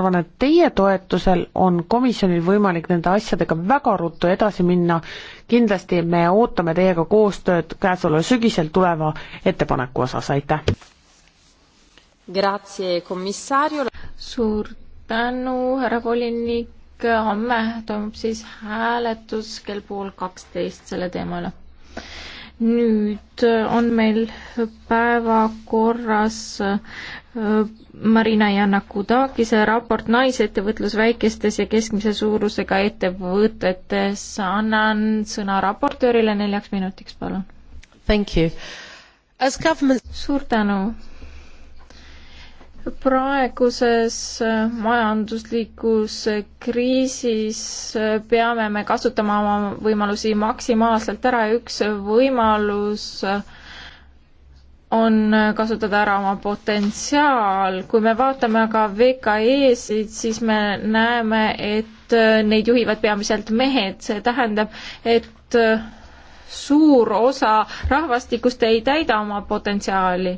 arvan, et teie toetusel on komisjonil võimalik nende asjadega väga ruttu edasi minna. kindlasti me ootame teiega koostööd käesoleval sügisel tuleva ettepaneku osas, aitäh! suur tänu, härra volinik, homme toimub siis hääletus kell pool kaksteist selle teema üle nüüd äh, on meil päevakorras äh, Marina Janakudakise raport Naisettevõtlus väikestes ja keskmise suurusega ettevõtetes. annan sõna raportöörile neljaks minutiks, palun. Thank you. As government suur tänu praeguses äh, majanduslikus äh, kriisis äh, peame me kasutama oma võimalusi maksimaalselt ära ja üks võimalus on kasutada ära oma potentsiaal. kui me vaatame aga VKE-sid, siis me näeme, et neid juhivad peamiselt mehed, see tähendab, et suur osa rahvastikust ei täida oma potentsiaali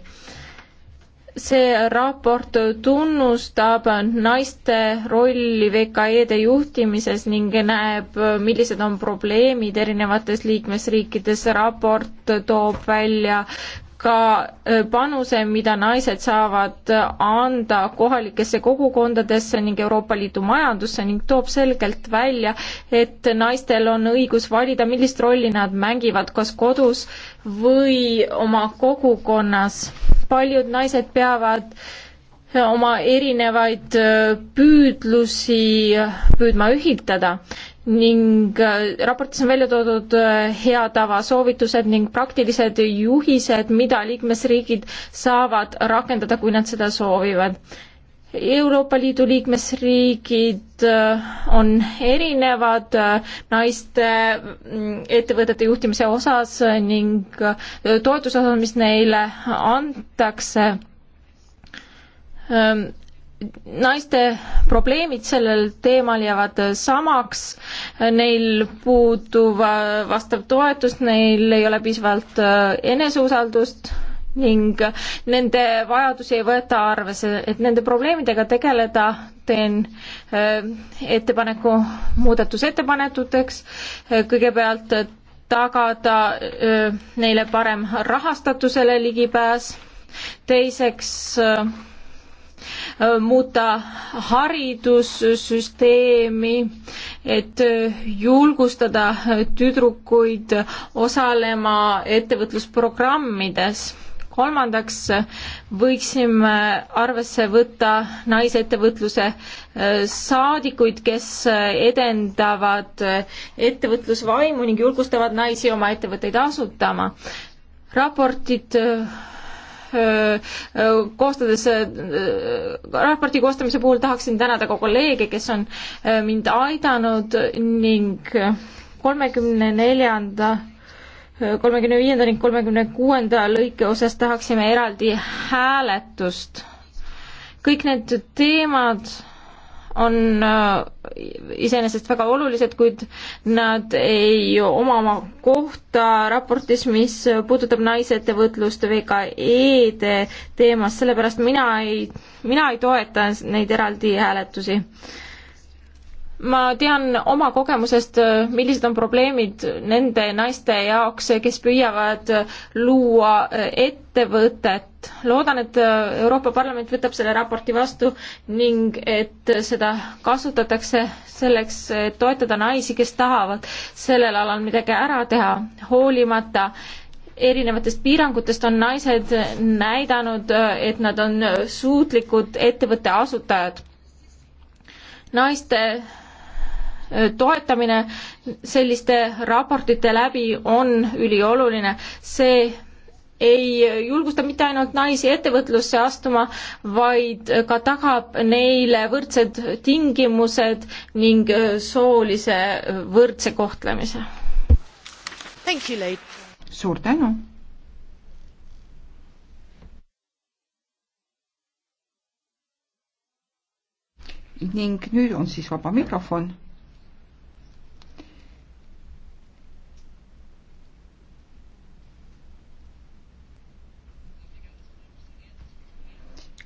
see raport tunnustab naiste rolli VKE-de juhtimises ning näeb, millised on probleemid erinevates liikmesriikides. raport toob välja ka äh, panuse, mida naised saavad anda kohalikesse kogukondadesse ning Euroopa Liidu majandusse ning toob selgelt välja, et naistel on õigus valida, millist rolli nad mängivad, kas kodus või oma kogukonnas paljud naised peavad oma erinevaid äh, püüdlusi äh, püüdma ühildada ning äh, raportis on välja toodud hea tava soovitused ning praktilised juhised, mida liikmesriigid saavad rakendada, kui nad seda soovivad Euroopa Liidu liikmesriigid äh, on erinevad äh, naiste mm, ettevõtete juhtimise osas ning äh, toetuse osas, mis neile antakse ähm, naiste probleemid sellel teemal jäävad samaks, neil puuduv vastav toetus, neil ei ole piisavalt eneseusaldust ning nende vajadusi ei võeta arvesse, et nende probleemidega tegeleda, teen äh, ettepaneku muudatusettepanekuteks, äh, kõigepealt äh, tagada neile parem rahastatusele ligipääs, teiseks muuta haridussüsteemi, et julgustada tüdrukuid osalema ettevõtlusprogrammides kolmandaks võiksime arvesse võtta naisettevõtluse äh, saadikuid, kes äh, edendavad äh, ettevõtlusvaimu ning julgustavad naisi oma ettevõtteid asutama. raportid koostades, raporti koostamise puhul tahaksin tänada ka kolleege, kes on mind aidanud ning kolmekümne neljanda kolmekümne viienda ning kolmekümne kuuenda lõike osas tahaksime eraldi hääletust. kõik need teemad on äh, iseenesest väga olulised, kuid nad ei oma oma kohta raportis, mis puudutab naisettevõtlust VKE-de teemast, sellepärast mina ei, mina ei toeta neid eraldi hääletusi ma tean oma kogemusest, millised on probleemid nende naiste jaoks, kes püüavad luua ettevõtet. loodan, et Euroopa Parlament võtab selle raporti vastu ning et seda kasutatakse selleks, et toetada naisi, kes tahavad sellel alal midagi ära teha, hoolimata erinevatest piirangutest on naised näidanud, et nad on suutlikud ettevõtte asutajad. naiste toetamine selliste raportite läbi on ülioluline, see ei julgusta mitte ainult naisi ettevõtlusse astuma, vaid ka tagab neile võrdsed tingimused ning soolise võrdse kohtlemise. suur tänu! ning nüüd on siis vaba mikrofon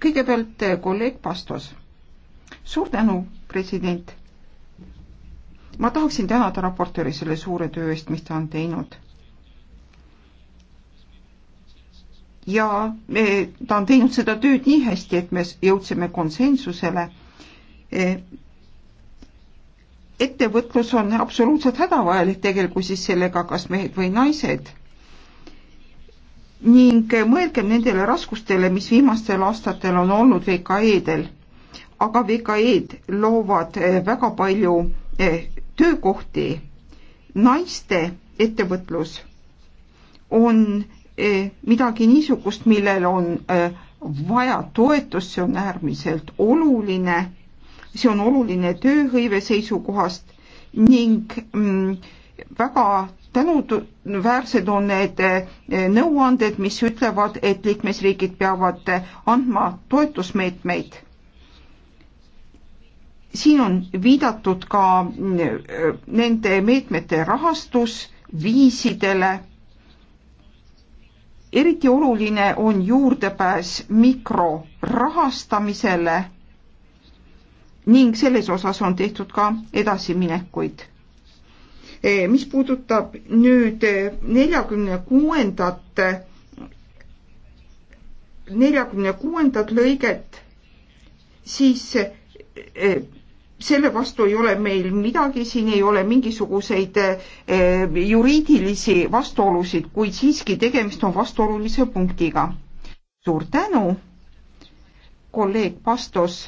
kõigepealt eh, kolleeg Pastos. suur tänu, president. ma tahaksin tänada raportööri selle suure töö eest, mis ta on teinud ja me, eh, ta on teinud seda tööd nii hästi, et me jõudsime konsensusele. Eh, ettevõtlus on absoluutselt hädavajalik tegelikult siis sellega, kas mehed või naised ning mõelgem nendele raskustele, mis viimastel aastatel on olnud VKE-del. aga VKE-d loovad eh, väga palju eh, töökohti. naiste ettevõtlus on eh, midagi niisugust, millel on vaja toetust, see on äärmiselt oluline, see on oluline tööhõive seisukohast ning mm, väga tänuväärsed on need eh, nõuanded, mis ütlevad, et liikmesriigid peavad eh, andma toetusmeetmeid. siin on viidatud ka mm, eh, nende meetmete rahastusviisidele. eriti oluline on juurdepääs mikrorahastamisele ning selles osas on tehtud ka edasiminekuid Eh, mis puudutab nüüd neljakümne eh, kuuendat, neljakümne kuuendat eh, lõiget, siis selle vastu ei ole meil midagi, siin ei ole mingisuguseid juriidilisi vastuolusid, kuid siiski tegemist on vastuolulise punktiga. suur tänu, kolleeg Pastos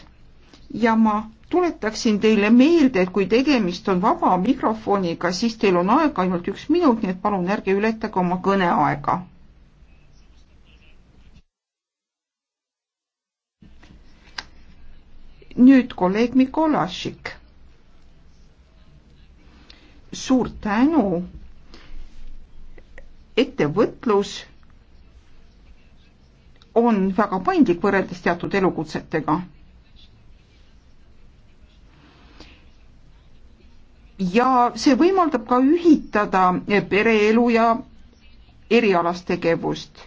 ja ma tuletaksin teile meelde, et kui tegemist on vaba mikrofoniga, siis teil on aega ainult üks minut, nii et palun ärge ületage oma kõneaega. nüüd kolleeg Mikolašik. suur tänu. ettevõtlus on väga paindlik võrreldes teatud elukutsetega ja see võimaldab ka ühitada pereelu ja erialast tegevust.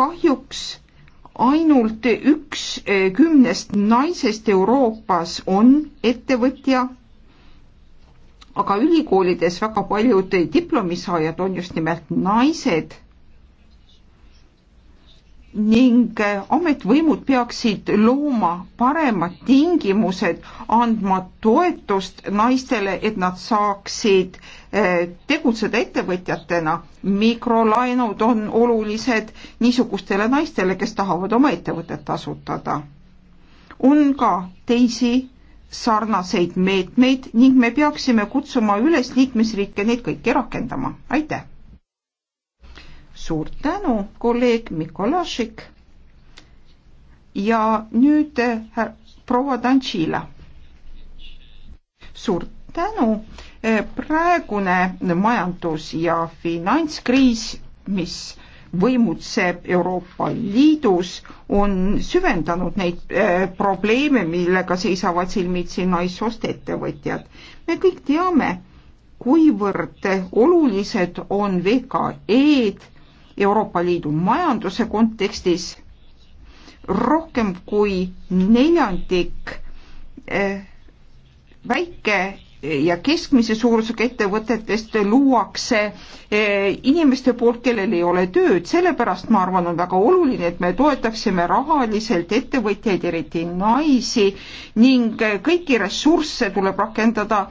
kahjuks ainult üks kümnest naisest Euroopas on ettevõtja, aga ülikoolides väga paljud diplomisaajad on just nimelt naised ning äh, ametvõimud peaksid looma paremad tingimused, andma toetust naistele, et nad saaksid äh, tegutseda ettevõtjatena. mikrolaenud on olulised niisugustele naistele, kes tahavad oma ettevõtet asutada. on ka teisi sarnaseid meetmeid ning me peaksime kutsuma üles liikmesriike neid kõiki rakendama. aitäh! suur tänu, kolleeg Mikolašik. ja nüüd äh, proua Tantšila. suur tänu, äh, praegune majandus- ja finantskriis, mis võimutseb Euroopa Liidus, on süvendanud neid äh, probleeme, millega seisavad silmitsi naissoost ettevõtjad. me kõik teame, kuivõrd olulised on VKE-d Euroopa Liidu majanduse kontekstis rohkem kui neljandik eh, väike ja keskmise suurusega ettevõtetest luuakse eh, inimeste poolt, kellel ei ole tööd, sellepärast ma arvan, on väga oluline, et me toetaksime rahaliselt ettevõtjaid, eriti naisi ning eh, kõiki ressursse tuleb rakendada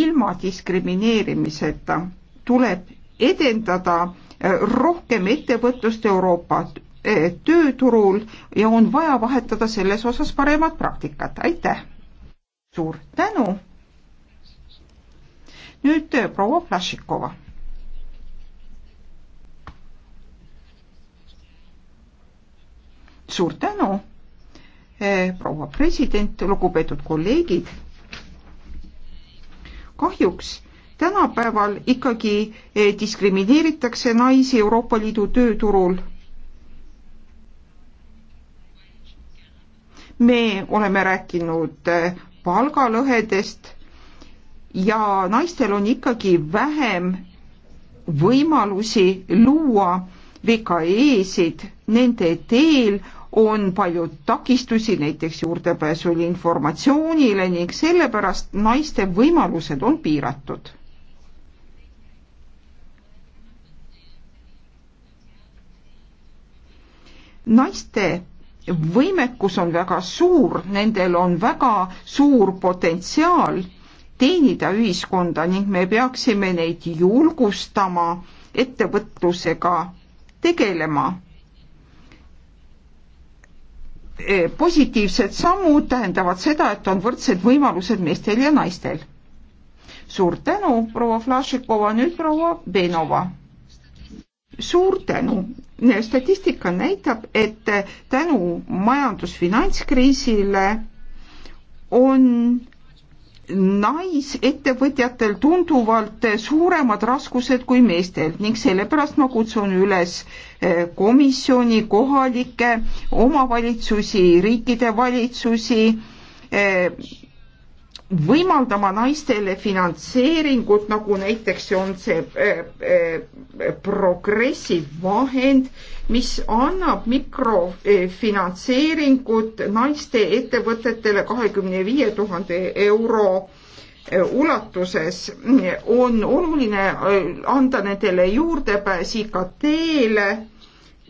ilma diskrimineerimiseta. tuleb edendada rohkem ettevõtlust Euroopa eh, tööturul ja on vaja vahetada selles osas paremat praktikat. aitäh! suur tänu! nüüd eh, proua Flašikova. suur tänu, eh, proua president, lugupeetud kolleegid. kahjuks tänapäeval ikkagi eh, diskrimineeritakse naisi Euroopa Liidu tööturul. me oleme rääkinud eh, palgalõhedest ja naistel on ikkagi vähem võimalusi luua VKE-sid, nende teel on palju takistusi, näiteks juurdepääsul informatsioonile ning sellepärast naiste võimalused on piiratud naiste võimekus on väga suur, nendel on väga suur potentsiaal teenida ühiskonda ning me peaksime neid julgustama ettevõtlusega tegelema. E, positiivsed sammud tähendavad seda, et on võrdsed võimalused meestel ja naistel. suur tänu, proua Flašikova, nüüd proua Benova suur tänu. statistika näitab, et tänu majandusfinantskriisile on naisettevõtjatel tunduvalt suuremad raskused kui meestel ning sellepärast ma kutsun üles eh, komisjoni, kohalikke omavalitsusi, riikide valitsusi eh, võimaldama naistele finantseeringut, nagu näiteks on see äh, äh, progressiv vahend, mis annab mikrofinantseeringut naiste ettevõtetele kahekümne viie tuhande euro eh, ulatuses on oluline anda nendele juurdepääs IKT-le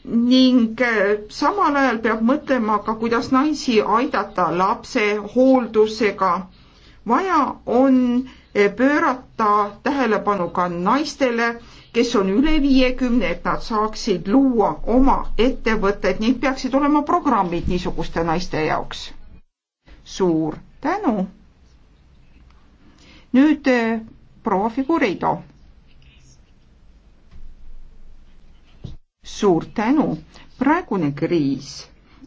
ning samal ajal peab mõtlema ka, kuidas naisi aidata lapse hooldusega vaja on eh, pöörata tähelepanu ka naistele, kes on üle viiekümne, et nad saaksid luua oma ettevõtted, neid peaksid olema programmid niisuguste naiste jaoks. suur tänu. nüüd eh, proua Figurido. suur tänu, praegune kriis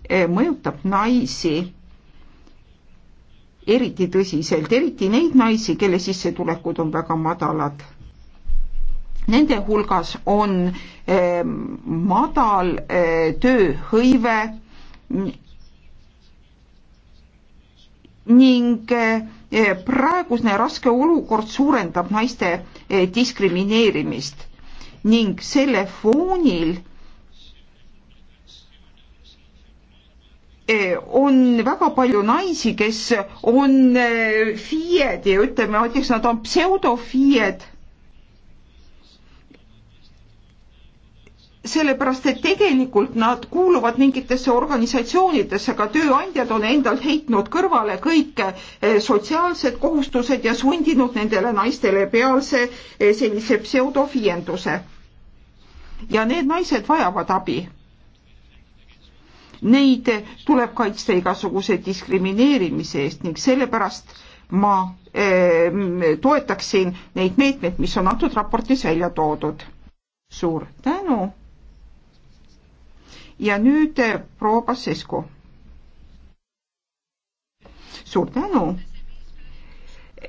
eh, mõjutab naisi eriti tõsiselt, eriti neid naisi, kelle sissetulekud on väga madalad. Nende hulgas on eh, madal eh, tööhõive ning eh, äh, praegusne raske olukord suurendab naiste eh, diskrimineerimist ning selle foonil eh, Eh, on väga palju naisi, kes on eh, FIE-d ja ütleme, ma ütleks, nad on pseudofied sellepärast, et tegelikult nad kuuluvad mingitesse organisatsioonidesse, aga tööandjad on endalt heitnud kõrvale kõik eh, sotsiaalsed kohustused ja sundinud nendele naistele pealse sellise pseudofienduse. ja need naised vajavad abi neid tuleb kaitsta igasuguse diskrimineerimise eest ning sellepärast ma äh, toetaksin neid meetmeid, mis on antud raportis välja toodud. suur tänu. ja nüüd eh, proua Pasescu. suur tänu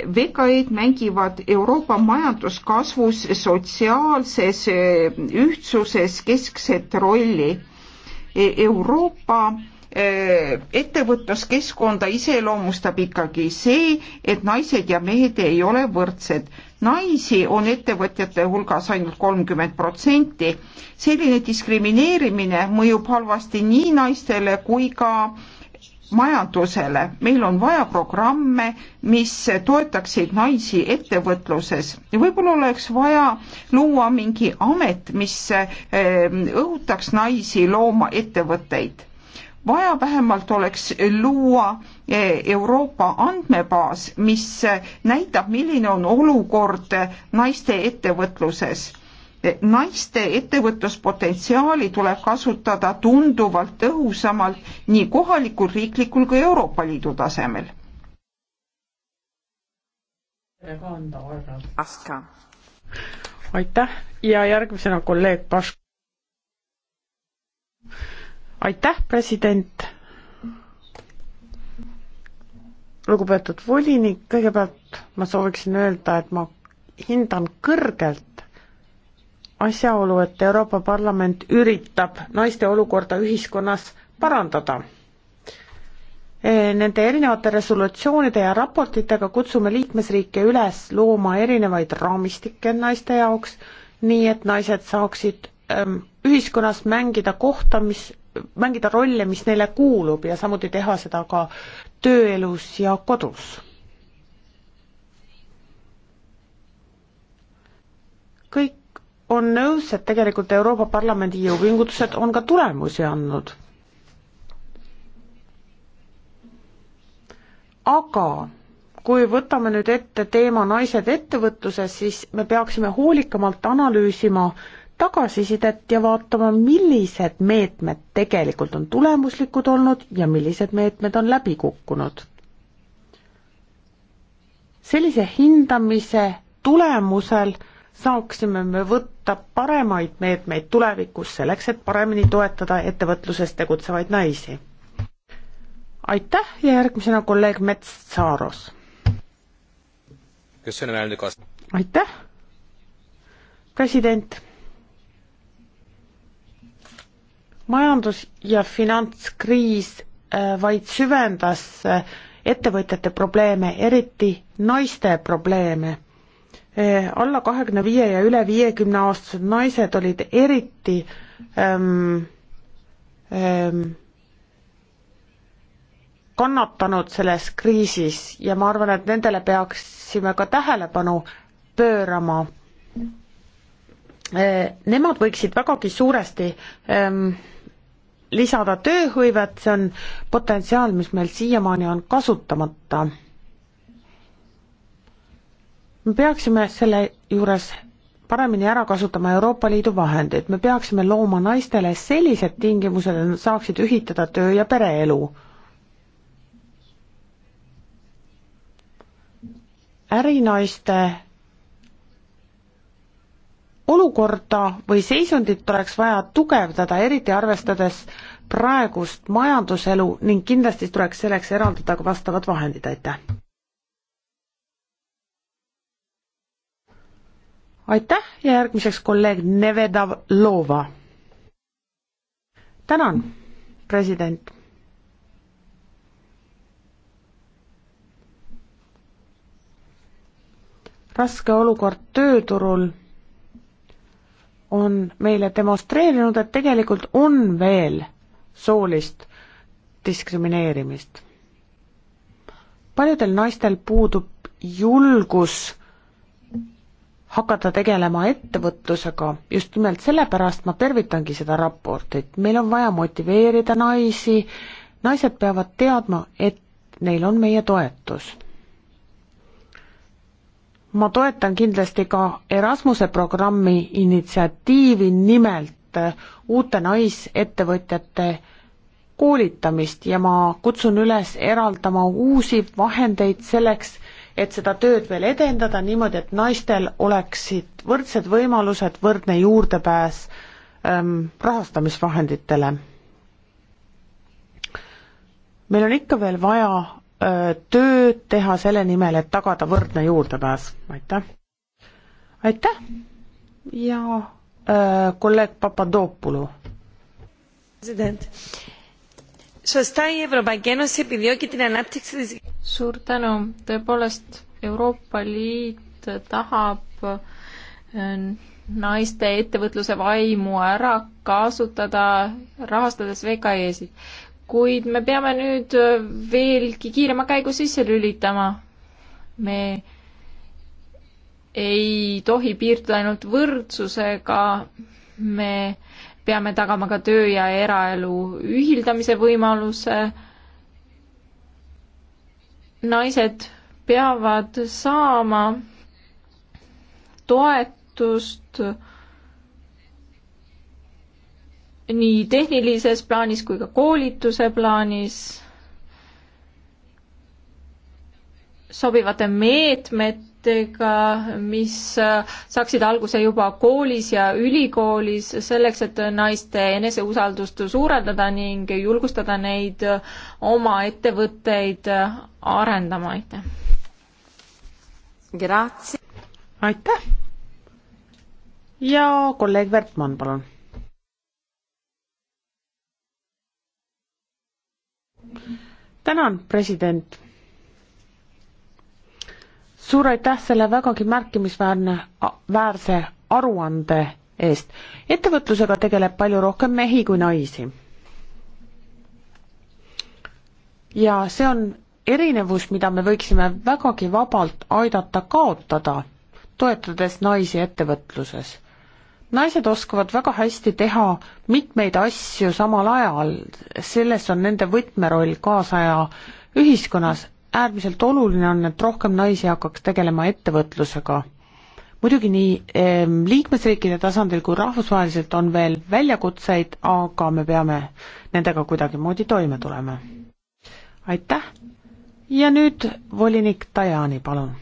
VKE-d mängivad Euroopa majanduskasvus sotsiaalses eh, ühtsuses keskset rolli E-, Euroopa e, ettevõtluskeskkonda iseloomustab ikkagi see, et naised ja mehed ei ole võrdsed. naisi on ettevõtjate hulgas ainult kolmkümmend protsenti. selline diskrimineerimine mõjub halvasti nii naistele kui ka majandusele. meil on vaja programme, mis toetaksid naisi ettevõtluses ja võib-olla oleks vaja luua mingi amet, mis ehm, õhutaks naisi looma ettevõtteid vaja vähemalt oleks luua e, Euroopa andmebaas, mis näitab, milline on olukord naiste ettevõtluses naiste ettevõtluspotentsiaali tuleb kasutada tunduvalt tõhusamalt nii kohalikul, riiklikul kui Euroopa Liidu tasemel. aitäh ja järgmisena kolleeg Paš-. aitäh, president. lugupeetud volinik, kõigepealt ma sooviksin öelda, et ma hindan kõrgelt asjaolu, et Euroopa Parlament üritab naiste olukorda ühiskonnas parandada. E, nende erinevate resolutsioonide ja raportitega kutsume liikmesriike üles looma erinevaid raamistikke naiste jaoks, nii et naised saaksid ähm, ühiskonnas mängida kohta, mis, mängida rolle, mis neile kuulub ja samuti teha seda ka tööelus ja kodus kõik on nõus, et tegelikult Euroopa Parlamendi jõupingutused on ka tulemusi andnud. aga kui võtame nüüd ette teema naised ettevõtluses, siis me peaksime hoolikamalt analüüsima tagasisidet ja vaatama, millised meetmed tegelikult on tulemuslikud olnud ja millised meetmed on läbi kukkunud. sellise hindamise tulemusel saaksime me võtta paremaid meetmeid tulevikus selleks, et paremini toetada ettevõtluses tegutsevaid naisi. aitäh ja järgmisena kolleeg Mets-Saaros. aitäh, president. majandus- ja finantskriis äh, vaid süvendas äh, ettevõtjate probleeme, eriti naiste probleeme Eh, alla kahekümne viie ja üle viiekümne aastased naised olid eriti ähm, ähm, kannatanud selles kriisis ja ma arvan, et nendele peaksime ka tähelepanu pöörama äh,. Nemad võiksid vägagi suuresti ähm, lisada tööhõivet, see on potentsiaal, mis meil siiamaani on kasutamata me peaksime selle juures paremini ära kasutama Euroopa Liidu vahendeid, me peaksime looma naistele sellised tingimused, et nad saaksid ühitada töö- ja pereelu. ärinaiste olukorda või seisundit oleks vaja tugevdada, eriti arvestades praegust majanduselu ning kindlasti tuleks selleks eraldada ka vastavad vahendid, aitäh! aitäh ja järgmiseks kolleeg Nevedalova. tänan, president. raske olukord tööturul on meile demonstreerinud, et tegelikult on veel soolist diskrimineerimist. paljudel naistel puudub julgus hakata tegelema ettevõtlusega, just nimelt sellepärast ma tervitangi seda raportit, meil on vaja motiveerida naisi, naised peavad teadma, et neil on meie toetus. ma toetan kindlasti ka Erasmuse programmi initsiatiivi nimelt äh, uute naisettevõtjate koolitamist ja ma kutsun üles eraldama uusi vahendeid selleks, et seda tööd veel edendada niimoodi, et naistel oleksid võrdsed võimalused, võrdne juurdepääs ähm, rahastamisvahenditele. meil on ikka veel vaja öö, äh, tööd teha selle nimel, et tagada võrdne juurdepääs, aitäh! aitäh ja öö, äh, kolleeg Papadopoulou. president Σωστά η Ευρωπαϊκή Ένωση επιδιώκει την ανάπτυξη της... Suur tänu. Tõepoolest Euroopa Liit tahab äh, naiste ettevõtluse vaimu ära kasutada, rahastades VKE-sid. kuid me peame nüüd äh, veelgi kiirema käigu sisse lülitama. me ei tohi piirduda ainult võrdsusega, me peame tagama ka töö ja eraelu ühildamise võimaluse. naised peavad saama toetust nii tehnilises plaanis kui ka koolituse plaanis sobivate meetmete projektidega, mis saaksid alguse juba koolis ja ülikoolis, selleks et naiste eneseusaldust suurendada ning julgustada neid oma ettevõtteid arendama, aitäh! aitäh! ja kolleeg Wertmann, palun tänan, president suur aitäh selle vägagi märkimisväärne, väärse aruande eest. ettevõtlusega tegeleb palju rohkem mehi kui naisi. ja see on erinevus, mida me võiksime vägagi vabalt aidata kaotada, toetades naisi ettevõtluses. naised oskavad väga hästi teha mitmeid asju samal ajal, selles on nende võtmeroll kaasaja ühiskonnas, äärmiselt oluline on, et rohkem naisi hakkaks tegelema ettevõtlusega. muidugi nii ehm, liikmesriikide tasandil kui rahvusvaheliselt on veel väljakutseid, aga me peame nendega kuidagimoodi toime tulema. aitäh ja nüüd volinik Tajani, palun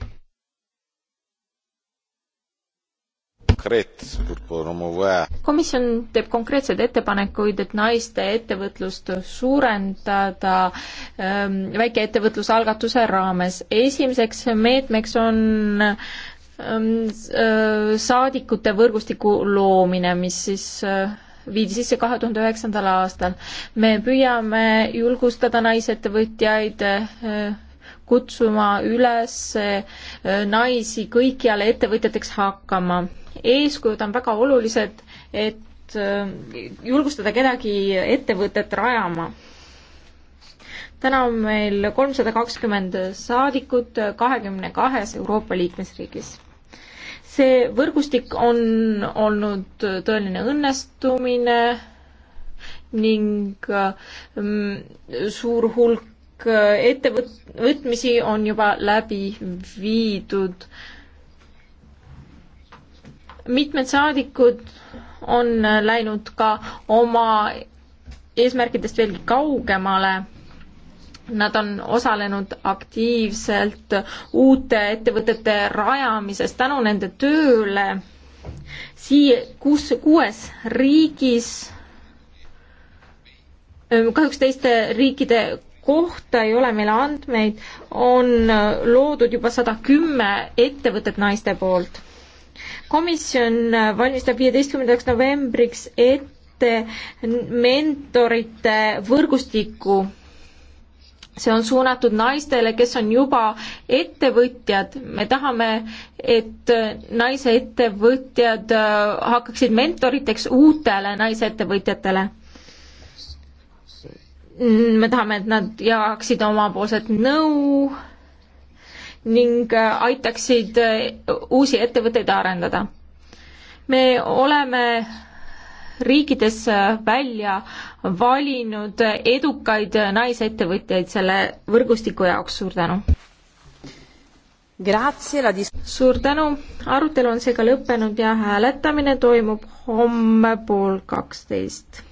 komisjon teeb konkreetseid ettepanekuid, et naiste ettevõtlust suurendada ähm, väikeettevõtluse algatuse raames. esimeseks meetmeks on ähm, äh, saadikute võrgustiku loomine, mis siis äh, viidi sisse kahe tuhande üheksandal aastal. me püüame julgustada naisettevõtjaid äh, kutsuma üles naisi kõikjale ettevõtjateks hakkama eeskujud on väga olulised, et äh, julgustada kedagi ettevõtet rajama. täna on meil kolmsada kakskümmend saadikut kahekümne kahes Euroopa liikmesriigis. see võrgustik on olnud tõeline õnnestumine ning äh, suur hulk äh, ettevõtmisi on juba läbi viidud äh, mitmed saadikud on läinud ka oma eesmärkidest veelgi kaugemale. Nad on osalenud aktiivselt uute ettevõtete rajamises tänu nende tööle siia, kus, kuues riigis, ähm, kahjuks teiste riikide kohta ei ole meil andmeid, on loodud juba sada kümme ettevõtet naiste poolt komisjon valmistab viieteistkümnendaks novembriks ette mentorite võrgustiku. see on suunatud naistele, kes on juba ettevõtjad. me tahame, et naisettevõtjad äh, hakkaksid mentoriteks uutele naisettevõtjatele me tahame, et nad jagaksid omapoolset nõu no,, ning äh, aitaksid äh, uusi ettevõtteid arendada. me oleme riikides äh, välja valinud edukaid naisettevõtjaid selle võrgustiku jaoks, suur tänu! suur tänu, arutelu on seega lõppenud ja hääletamine toimub homme pool kaksteist.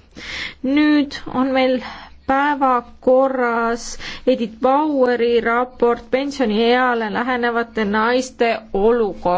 nüüd on meil päevakorras Edith Baueri raport pensionieale lähenevate naiste olukord.